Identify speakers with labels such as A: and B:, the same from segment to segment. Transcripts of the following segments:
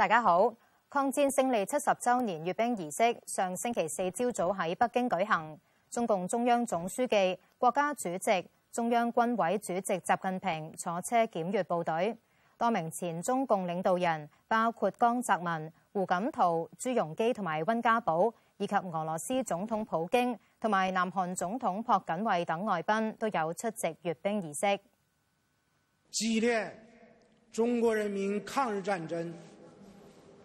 A: 大家好！抗戰勝利七十周年閱兵儀式上星期四朝早喺北京舉行。中共中央總書記、國家主席、中央軍委主席習近平坐車檢閱部隊。多名前中共領導人，包括江澤民、胡錦濤、朱鎔基同埋温家寶，以及俄羅斯總統普京同埋南韓總統朴槿惠等外賓都有出席閱兵儀式。
B: 紀念中國人民抗日戰爭。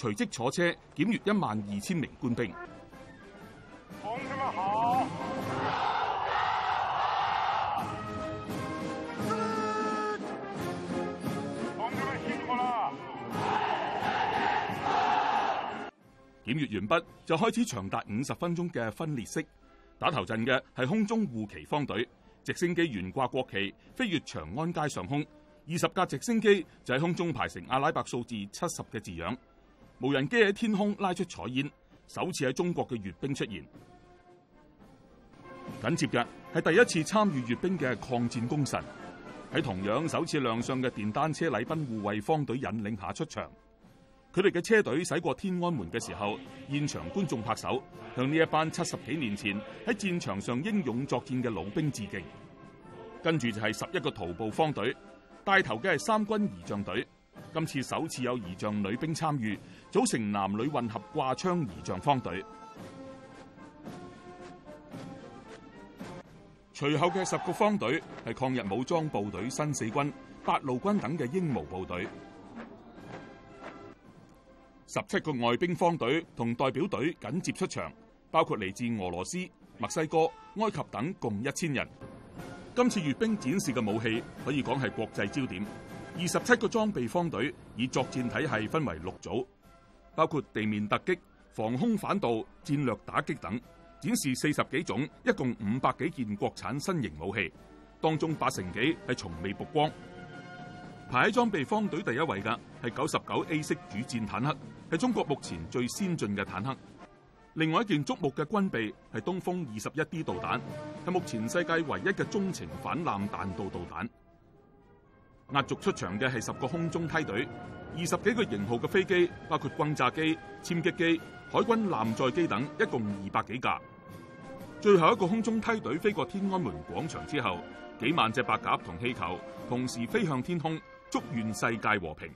C: 隨即坐車檢閱一萬二千名官兵。同志們好！檢閱完畢，就開始長達五十分鐘嘅分裂式。打頭陣嘅係空中護旗方隊，直升機懸掛國旗飛越長安街上空，二十架直升機就喺空中排成阿拉伯數字七十嘅字樣。無人機喺天空拉出彩煙，首次喺中國嘅閱兵出現。緊接嘅係第一次參與閱兵嘅抗戰功臣，喺同樣首次亮相嘅電單車禮賓護衛方隊引領下出場。佢哋嘅車隊駛過天安門嘅時候，現場觀眾拍手，向呢一班七十幾年前喺戰場上英勇作戰嘅老兵致敬。跟住就係十一個徒步方隊，帶頭嘅係三軍儀仗隊。今次首次有儀仗女兵參與，組成男女混合掛槍儀仗方隊。隨後嘅十個方隊係抗日武裝部隊、新四軍、八路軍等嘅英模部隊。十七個外兵方隊同代表隊緊接出場，包括嚟自俄羅斯、墨西哥、埃及等共一千人。今次閱兵展示嘅武器可以講係國際焦點。二十七個裝備方隊以作戰體係分為六組，包括地面突擊、防空反導、戰略打擊等，展示四十幾種，一共五百幾件國產新型武器，當中八成幾係從未曝光。排喺裝備方隊第一位嘅係九十九 A 式主戰坦克，係中國目前最先進嘅坦克。另外一件矚目嘅軍備係東風二十一 D 導彈，係目前世界唯一嘅中程反艦彈道導彈。壓軸出場嘅係十個空中梯隊，二十幾個型號嘅飛機，包括轟炸機、殲擊機、海軍艦載機等，一共二百幾架。最後一個空中梯隊飛過天安門廣場之後，幾萬隻白鴿同氣球同時飛向天空，祝願世界和平。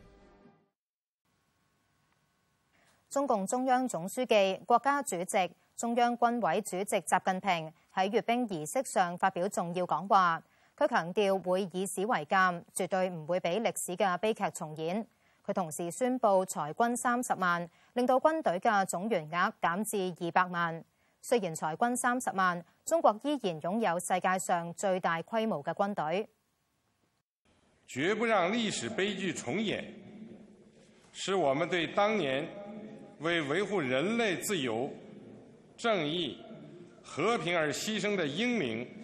A: 中共中央總書記、國家主席、中央軍委主席習近平喺閱兵儀式上發表重要講話。佢強調會以史為鑑，絕對唔會俾歷史嘅悲劇重演。佢同時宣布裁軍三十萬，令到軍隊嘅總員額減至二百萬。雖然裁軍三十萬，中國依然擁有世界上最大規模嘅軍隊。
B: 絕不讓歷史悲劇重演，是我們對當年為維護人類自由、正義、和平而犧牲的英明。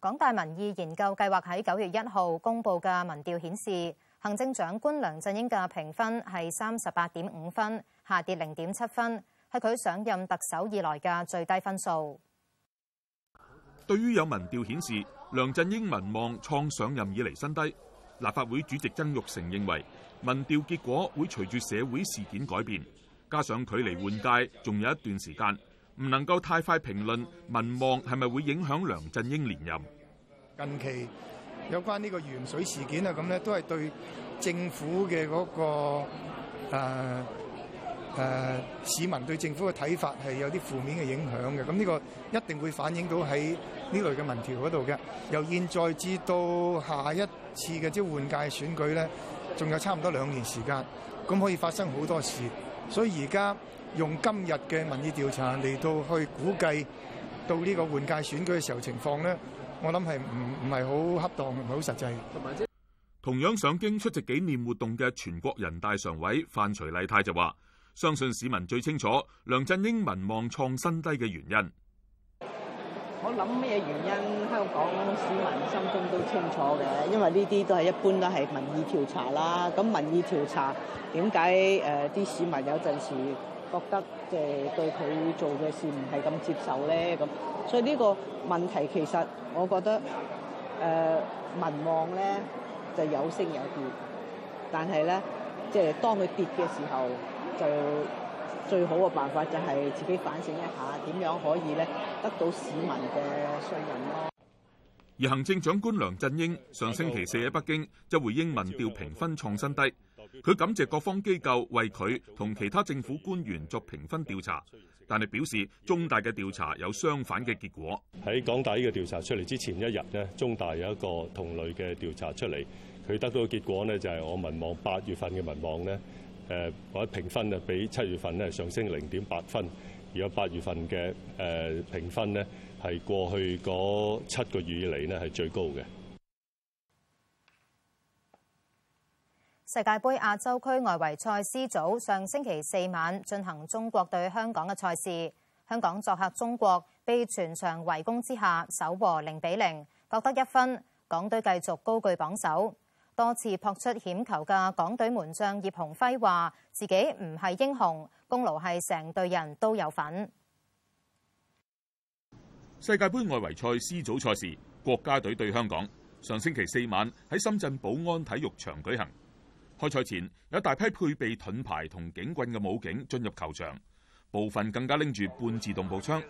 A: 港大民意研究計劃喺九月一號公佈嘅民調顯示，行政長官梁振英嘅評分係三十八點五分，下跌零點七分，係佢上任特首以來嘅最低分數。
C: 對於有民調顯示，梁振英民望創上任以嚟新低，立法會主席曾鈺成認為民調結果會隨住社會事件改變，加上距離換屆仲有一段時間。唔能夠太快評論民望，係咪會影響梁振英連任。
D: 近期有關呢個鉛水事件啊，咁咧都係對政府嘅嗰、嗰個誒誒、呃呃、市民對政府嘅睇法係有啲負面嘅影響嘅。咁呢個一定會反映到喺呢類嘅民調嗰度嘅。由現在至到下一次嘅即係換屆選舉咧，仲有差唔多兩年時間，咁可以發生好多事。所以而家。用今日嘅民意調查嚟到去估計到呢個換屆選舉嘅時候情況咧，我諗係唔唔係好恰當，唔係好實際。同樣上京出席紀
C: 念活動嘅全國人大常委范徐麗泰就話：相信市民最清楚梁振英民望創新低嘅原因。
D: 我諗咩原因？
E: 香港市民心中都清楚嘅，因為呢啲都係一般都係民意調查啦。咁民意調查點解？誒啲市民有陣時，覺得誒對佢做嘅事唔係咁接受咧，咁所以呢個問題其實我覺得誒、呃、民望咧就有升有跌，但係咧即係當佢跌嘅時候，就最好嘅辦法就係自己反省一下，點樣可以咧得到市民嘅信任咯。
C: 而行政長官梁振英上星期四喺北京，就回應民調評分創新低。佢感謝各方機構為佢同其他政府官員作評分調查，但係表示中大嘅調查有相反嘅結果。
D: 喺港大呢個調查出嚟之前一日咧，中大有一個同類嘅調查出嚟，佢得到嘅結果呢，就係、是、我民望八月份嘅民望呢，誒或者評分啊，比七月份咧上升零點八分。而家八月份嘅誒、呃、評分呢，係過去嗰七
C: 個月以嚟呢，係最高嘅。
A: 世界杯亞洲區外圍賽 C 組上星期四晚進行中國對香港嘅賽事，香港作客中國，被全場圍攻之下，賽和零比零，各得一分，港隊繼續高居榜首。多次撲出險球嘅港隊門將葉鴻輝話，自己唔係英雄，功勞係成隊人都有份。
C: 世界杯外圍賽 C 組賽事，國家隊對香港，上星期四晚喺深圳寶安體育場舉行。開賽前有大批配備盾牌同警棍嘅武警進入球場，部分更加拎住半自動步槍。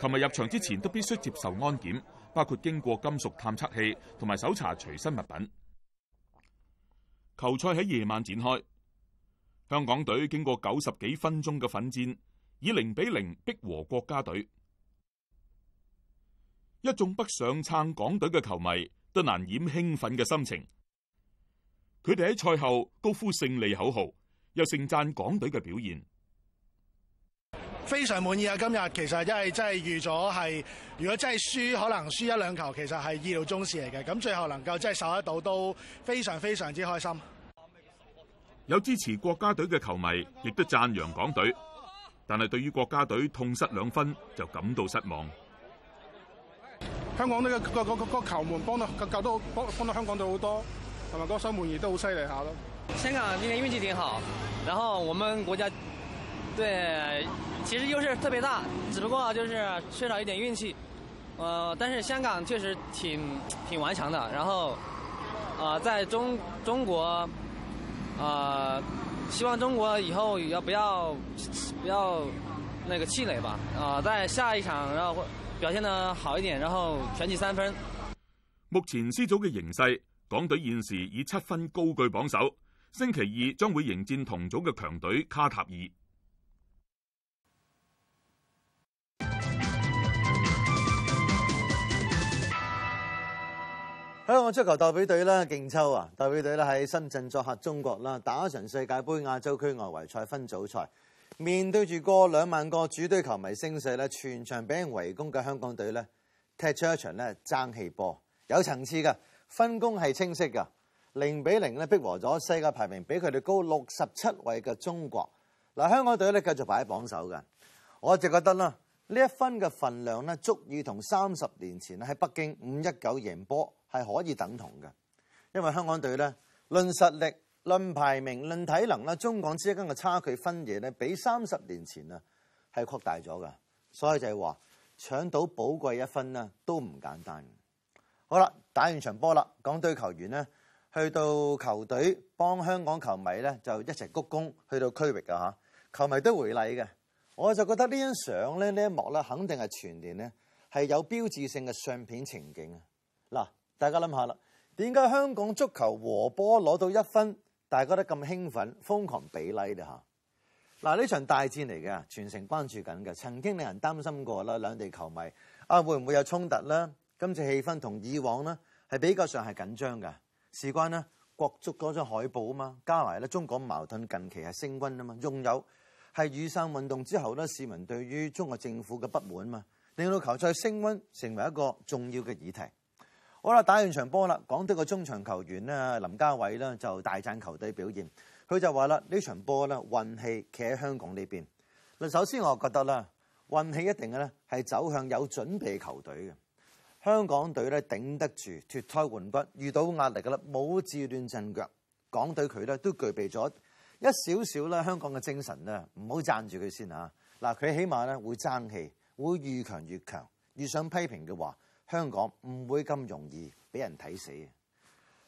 C: 琴日入場之前都必須接受安檢，包括經過金屬探測器同埋搜查隨身物品。球賽喺夜晚展開，香港隊經過九十幾分鐘嘅奮戰，以零比零逼和國家隊。一眾北上撐港隊嘅球迷都難掩興奮嘅心情。佢哋喺賽後高呼勝利口號，又盛讚港隊嘅表現。
D: 非常滿意啊！今日其實因為真係預咗係，如果真係輸，可能輸一兩球，其實係意料中事嚟嘅。咁最後能夠真係守得到，都非常非常之開心。
C: 有支持國家隊嘅球迷亦都讚揚港隊，但係對於國家隊痛失兩分就感到失望。
B: 香港呢個個個個球門幫到救救幫幫到香港隊好多。同埋個守門員都好犀利下咯！香港今天運氣挺好，然後我們國家隊其實優勢特別大，只不過就是缺少一點運氣。呃，但是香港確實挺挺頑強的。然後，啊，在中中國，啊，希望中國以後也要不要不要那個氣餒吧。啊，在下一場然後會表現得好一點，然後全取三分。
C: 目前 C 組嘅形勢。港隊現時以七分高居榜首，星期二將會迎戰同組嘅強隊卡塔爾。
D: 香港足球代表隊啦，勁揪啊！代表隊咧喺深圳作客中國啦，打咗一場世界杯亞洲區外圍賽分組賽，面對住過兩萬個主隊球迷聲勢咧，全場俾人圍攻嘅香港隊咧，踢出一場咧爭氣波，有層次噶。分工係清晰噶，零比零咧逼和咗世界排名比佢哋高六十七位嘅中國。嗱，香港隊咧繼續擺喺榜首嘅。我就覺得啦，呢一分嘅份量咧，足以同三十年前喺北京五一九贏波係可以等同嘅。因為香港隊咧，論實力、論排名、論體能啦，中港之間嘅差距分野咧，比三十年前啊係擴大咗嘅。所以就係話，搶到寶貴一分咧，都唔簡單。好啦。打完場波啦，港隊球員呢，去到球隊幫香港球迷呢，就一齊鞠躬，去到區域啊嚇，球迷都回禮嘅。我就覺得呢張相呢，呢一幕呢，肯定係全年呢，係有標誌性嘅相片情景啊！嗱，大家諗下啦，點解香港足球和波攞到一分，大家都咁興奮，瘋狂比例呢？咧、啊、嚇？嗱，呢場大戰嚟嘅，全城關注緊嘅，曾經令人擔心過啦，兩地球迷啊會唔會有衝突呢？今次氣氛同以往呢？係比較上係緊張噶，事關咧國足嗰張海報啊嘛，加埋咧中港矛盾近期係升温啊嘛，仲有係雨傘運動之後咧，市民對於中國政府嘅不滿啊嘛，令到球賽升温成為一個重要嘅議題。好啦，打完場波啦，講到個中場球員咧林家偉咧就大讚球隊表現，佢就話啦，呢場波咧運氣企喺香港呢邊。嗱，首先我覺得啦，運氣一定咧係走向有準備球隊嘅。香港隊咧頂得住，脫胎換骨，遇到壓力噶啦，冇自亂陣腳。港隊佢咧都具備咗一少少咧香港嘅精神咧，唔好贊住佢先嚇。嗱，佢起碼咧會爭氣，會越強越強。遇上批評嘅話，香港唔會咁容易俾人睇死嘅。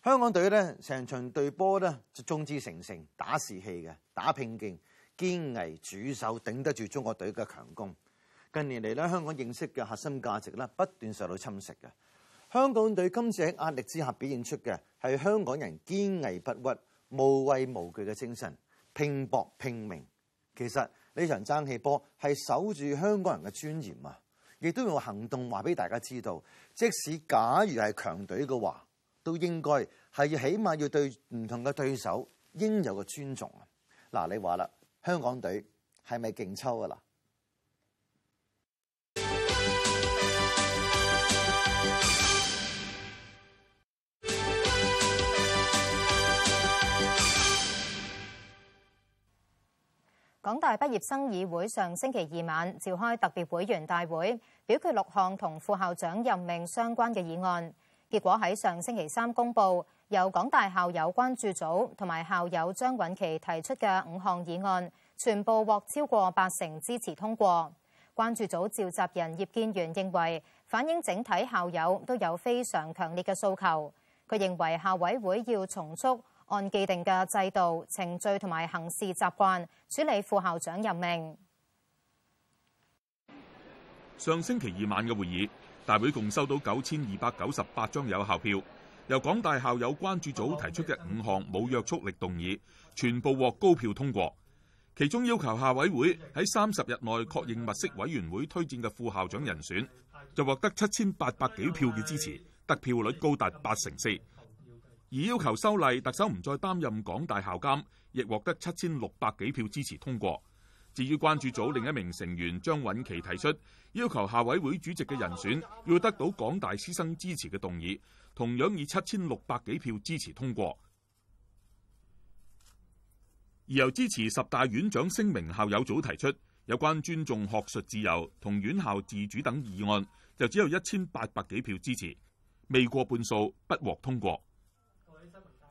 D: 香港隊咧成場對波咧就眾志成城，打士氣嘅，打拼勁，堅毅主守，頂得住中國隊嘅強攻。近年嚟咧，香港認識嘅核心價值咧不斷受到侵蝕嘅。香港隊今次喺壓力之下表現出嘅係香港人堅毅不屈、無畏無懼嘅精神，拼搏拼命。其實呢場爭氣波係守住香港人嘅尊嚴啊！亦都用行動話俾大家知道，即使假如係強隊嘅話，都應該係起碼要對唔同嘅對手應有嘅尊重啊！嗱，你話啦，香港隊係咪勁抽啊？啦。
A: 港大畢業生議會上星期二晚召開特別會員大會，表決六項同副校長任命相關嘅議案。結果喺上星期三公布，由港大校友關注組同埋校友張允琪提出嘅五項議案，全部獲超過八成支持通過。關注組召集人葉建源認為，反映整體校友都有非常強烈嘅訴求。佢認為校委會要重述。按既定嘅制度、程序同埋行事習慣處理副校長任命。
C: 上星期二晚嘅會議大會共收到九千二百九十八張有效票，由港大校友關注組提出嘅五項冇約束力動議全部獲高票通過，其中要求校委會喺三十日內確認物色委員會推薦嘅副校長人選就獲得七千八百幾票嘅支持，得票率高達八成四。而要求修例，特首唔再擔任港大校監，亦獲得七千六百幾票支持通過。至於關注組另一名成員張韻琪提出要求，校委會主席嘅人選要得到港大師生支持嘅動議，同樣以七千六百幾票支持通過。而由支持十大院長聲明校友組提出有關尊重學術自由同院校自主等議案，就只有一千八百幾票支持，未過半數，不獲通過。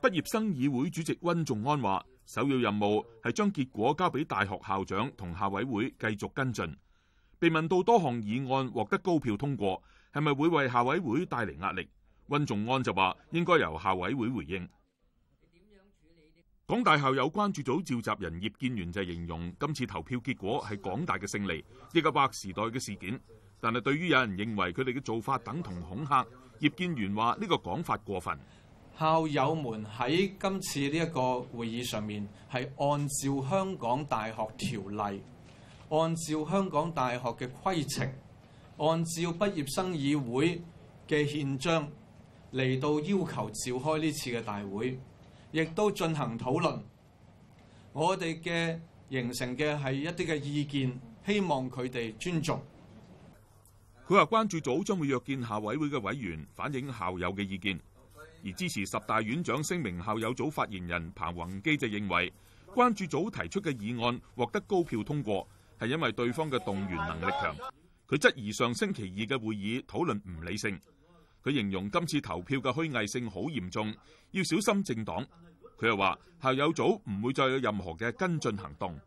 C: 畢業生議會主席溫仲安話：首要任務係將結果交俾大學校長同校委會繼續跟進。被問到多項議案獲得高票通過，係咪會為校委會帶嚟壓力？溫仲安就話：應該由校委會回應。港大校友關注組召集人葉建源就形容今次投票結果係港大嘅勝利，一個白時代嘅事件。但係對於有人認為佢哋嘅做法等同恐嚇，葉建源話呢個講法過分。校友們喺今次呢一個會議上面係按照香港大學條例、按照香港大學嘅規程、按照畢業生議會嘅憲章嚟到要求召開呢次嘅大會，亦都進行討論。我哋嘅形成嘅係一啲嘅意見，希望佢哋尊重。佢話關注組將會約見校委會嘅委員，反映校友嘅意見。而支持十大院長聲明校友組發言人彭宏基就認為，關注組提出嘅議案獲得高票通過，係因為對方嘅動員能力強。佢質疑上星期二嘅會議討論唔理性。佢形容今次投票嘅虛偽性好嚴重，要小心政黨。佢又話校友組唔會再有任何嘅跟進行動。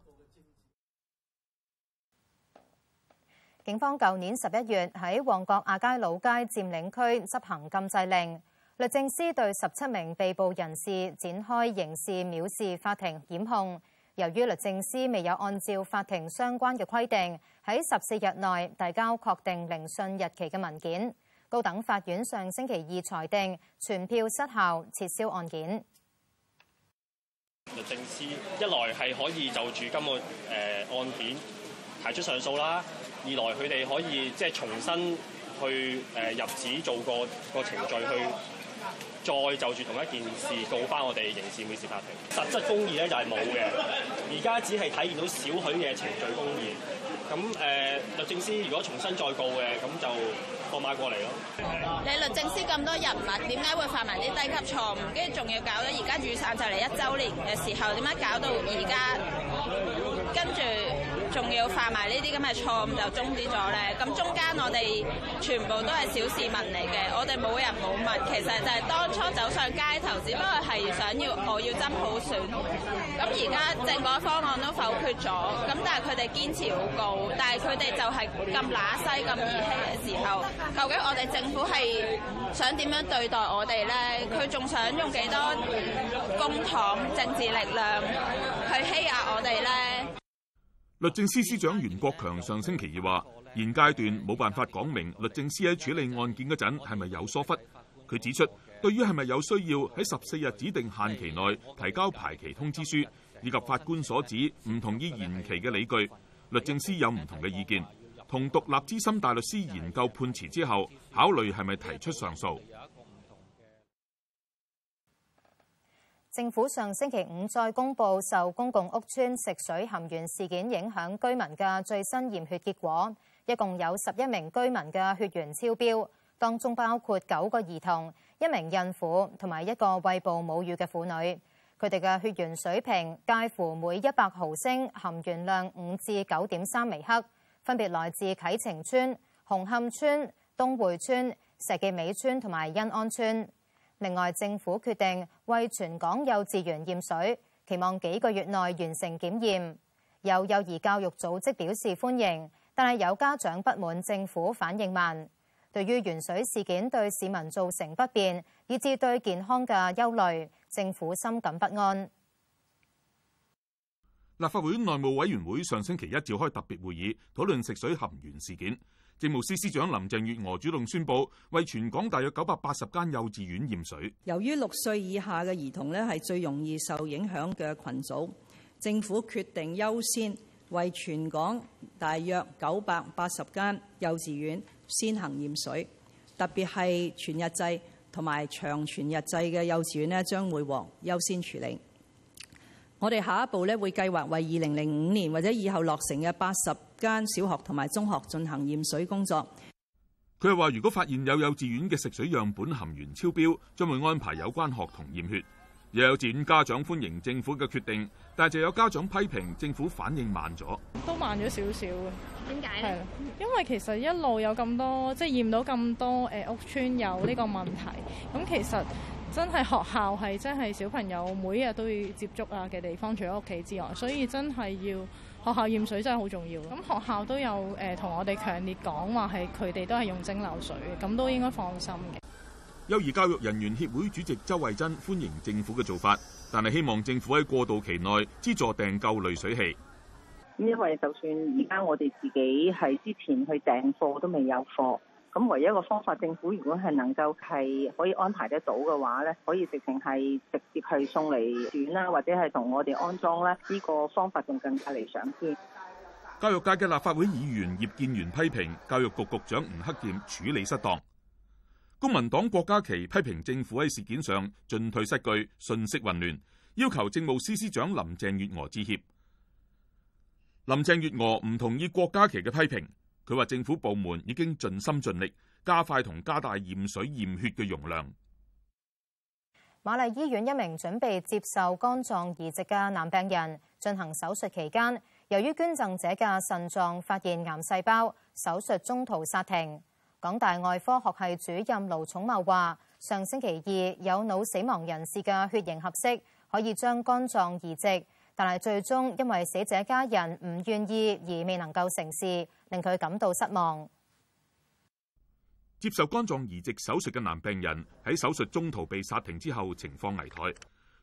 A: 警方舊年十一月喺旺角亞皆老街佔領區執行禁制令。律政司對十七名被捕人士展開刑事藐視法庭檢控。由於律政司未有按照法庭相關嘅規定喺十四日內遞交確定聆訊日期嘅文件，高等法院上星期二裁定全票失效，撤銷案件。
D: 律政司一來係可以就住今個誒案件提出上訴啦，二來佢哋可以即係重新去誒入紙做過個，
C: 個程序去。再就住同一件事告翻我哋刑事民事法庭，實質
D: 公義咧就係冇嘅，而家只係體現到少許嘅程序公義咁誒、呃、律政司如果重新再告嘅，咁就放馬過嚟咯。
E: 你律政司咁多人物，點解會犯埋啲低級錯誤，跟住仲要搞到而家雨傘就嚟一周年嘅時候，點解搞到而家跟住？仲要犯埋呢啲咁嘅錯誤就終止咗呢。咁中間我哋全部都係小市民嚟嘅，我哋冇人冇物，其實就係當初走上街頭，只不過係想要我要爭普選。咁而家政改方案都否決咗，咁但係佢哋堅持要告，但係佢哋就係咁乸西咁兒戲嘅時候，究竟我哋政府係想點樣對待我哋呢？佢仲想用幾多公帑政治力量去欺壓我哋呢？
C: 律政司司長袁國強上星期二話，現階段冇辦法講明律政司喺處理案件嗰陣係咪有疏忽。佢指出，對於係咪有需要喺十四日指定限期內提交排期通知書，以及法官所指唔同意延期嘅理據，律政司有唔同嘅意見，同獨立資深大律師研究判詞之後，考慮係咪提出上訴。
A: 政府上星期五再公布受公共屋邨食水含鉛事件影響居民嘅最新驗血結果，一共有十一名居民嘅血鉛超標，當中包括九個兒童、一名孕婦同埋一個餵哺母乳嘅婦女。佢哋嘅血鉛水平介乎每一百毫升含鉛量五至九點三微克，分別來自啟晴邨、紅磡邨、東匯邨、石硤尾邨同埋欣安邨。另外，政府決定為全港幼稚園驗水，期望幾個月內完成檢驗。有幼兒教育組織表示歡迎，但係有家長不滿政府反應慢。對於鉛水事件對市民造成不便，以致對健康嘅憂慮，政府深感不安。
C: 立法會內務委員會上星期一召開特別會議，討論食水含鉛事件。政務司司長林鄭月娥主動宣布，為全港大約九百八十間幼稚園驗水。
A: 由於六歲以下嘅兒童呢係最容易受影響嘅群組，政府決定優先為全港大約九百八十間幼稚園先行驗水，特別係全日制同埋長全日制嘅幼稚園呢將會獲優先處理。我哋下一步咧會計劃為二零零五年或者以後落成嘅八十間小學同埋中學進行驗水工作。
C: 佢係話，如果發現有幼稚園嘅食水樣本含鉛超標，將會安排有關學童驗血。又有幼稚園家長歡迎政府嘅決定，但係就有家長批評政府反應慢咗。
A: 都慢咗少少啊？點解咧？係因為其實一路有咁多，即係驗到咁多誒、呃、屋村有呢個問題，咁其實。真係學校係真係小朋友每日都要接觸啊嘅地方，除咗屋企之外，所以真係要學校驗水真係好重要。咁學校都有誒同、呃、我哋強烈講話係佢哋都係用蒸餾水嘅，咁都應該放心嘅。
C: 幼兒教育人員協會主席周慧珍歡迎政府嘅做法，但係希望政府喺過渡期內資助訂購濾水器。
A: 咁因為就算而家我哋自己係之前去訂貨都未有貨，咁唯一一個方法，政府如果係能夠係可以安排得到嘅話咧，可以直情係直接去送嚟轉啦，或者係同我哋安裝咧，呢個方法仲更加理想啲。
C: 教育界嘅立法會議員葉建源批評教育局局長吳克儉處理失當，公民黨郭家麒批評政府喺事件上進退失據信息混亂要求政務司司長林鄭月娥致歉。林鄭月娥唔同意郭家麒嘅批評。佢話：政府部門已經盡心盡力，加快同加大驗水驗血嘅容量。
A: 瑪麗醫院一名準備接受肝臟移植嘅男病人進行手術期間，由於捐贈者嘅腎臟發現癌細胞，手術中途煞停。港大外科學系主任盧寵茂話：上星期二有腦死亡人士嘅血型合適，可以將肝臟移植。但係最終因為死者家人唔願意而未能夠成事，令佢感到失望。
C: 接受肝臟移植手術嘅男病人喺手術中途被殺停之後，情況危殆。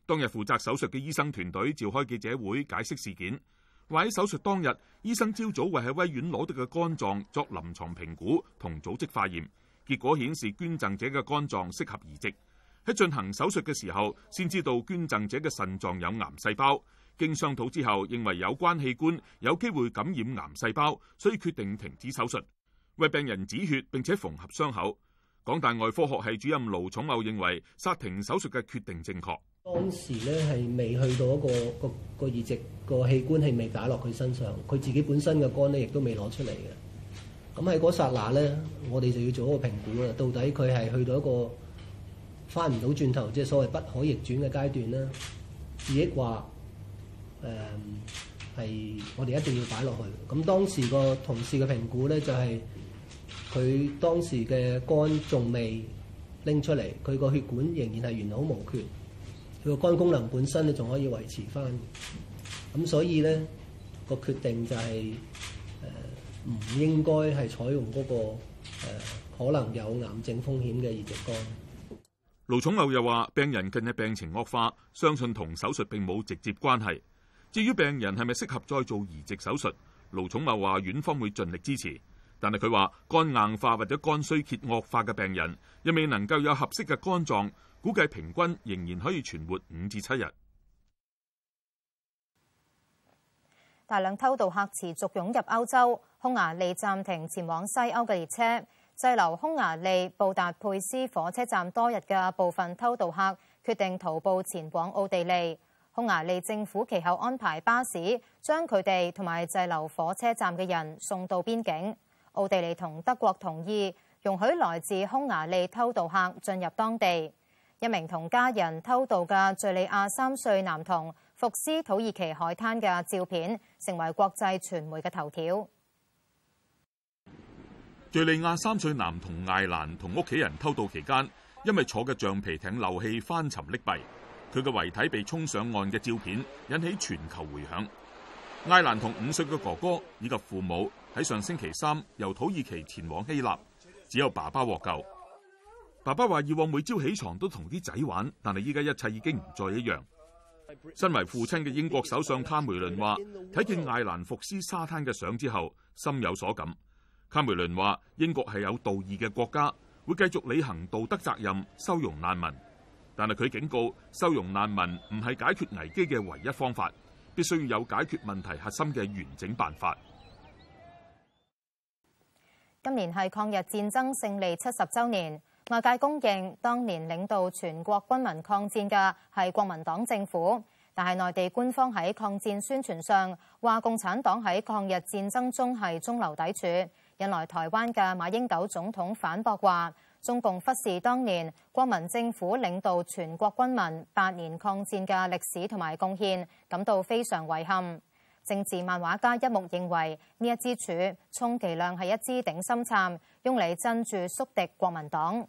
C: 當日負責手術嘅醫生團隊召開記者會解釋事件。話喺手術當日，醫生朝早會喺威院攞到嘅肝臟作臨床評估同組織化驗，結果顯示捐贈者嘅肝臟適合移植。喺進行手術嘅時候，先知道捐贈者嘅腎臟有癌細胞。經商討之後，認為有關器官有機會感染癌細胞，所以決定停止手術，為病人止血並且縫合傷口。港大外科學系主任盧寵茂認為，剎停手術嘅決定正確。
D: 當時咧係未去到一個個、嗰個移植、嗰個器官，係未打落佢身上，佢自己本身嘅肝咧亦都未攞出嚟嘅。咁喺嗰剎那咧，我哋就要做一個評估啦，到底佢係去到一個返唔到轉頭，即係所謂不可逆轉嘅階段啦。自己話。誒、嗯、係，是我哋一定要擺落去。咁當時個同事嘅評估咧，就係、是、佢當時嘅肝仲未拎出嚟，佢個血管仍然係完好無缺，佢個肝功能本身咧仲可以維持翻。咁所以咧、那個決定就係誒唔應該係採用嗰、那個、呃、可能有癌症風險嘅移植肝。
C: 盧寵茂又話：病人近日病情惡化，相信同手術並冇直接關係。至於病人係咪適合再做移植手術？盧寵茂話：院方會盡力支持，但係佢話肝硬化或者肝衰竭惡化嘅病人，又未能夠有合適嘅肝臟，估計平均仍然可以存活五至七日。
A: 大量偷渡客持續湧入歐洲，匈牙利暫停前往西歐嘅列車，滯留匈牙利布達佩斯火車站多日嘅部分偷渡客，決定徒步前往奧地利。匈牙利政府其後安排巴士將佢哋同埋滯留火車站嘅人送到邊境。奧地利同德國同意容許來自匈牙利偷渡客進入當地。一名同家人偷渡嘅敘利亞三歲男童伏屍土耳其海灘嘅照片，成為國際傳媒嘅頭條。
C: 敘利亞三歲男童艾蘭同屋企人偷渡期間，因為坐嘅橡皮艇漏氣翻沉溺斃。佢嘅遺體被沖上岸嘅照片引起全球回響。艾蘭同五歲嘅哥哥以及、這個、父母喺上星期三由土耳其前往希臘，只有爸爸獲救。爸爸話以往每朝起床都同啲仔玩，但係依家一切已經唔再一樣。身為父親嘅英國首相卡梅倫話：睇見艾蘭伏屍沙灘嘅相之後，心有所感。卡梅倫話：英國係有道義嘅國家，會繼續履行道德責任，收容難民。但係佢警告，收容難民唔係解決危機嘅唯一方法，必須要有解決問題核心嘅完整辦法。
A: 今年係抗日戰爭勝利七十週年，外界公認當年領導全國軍民抗戰嘅係國民黨政府，但係內地官方喺抗戰宣傳上，話共產黨喺抗日戰爭中係中流砥柱，引來台灣嘅馬英九總統反駁話。中共忽視當年國民政府領導全國軍民八年抗戰嘅歷史同埋貢獻，感到非常遺憾。政治漫畫家一目認為呢一支柱充其量係一支頂心杉，用嚟鎮住宿敵國民黨。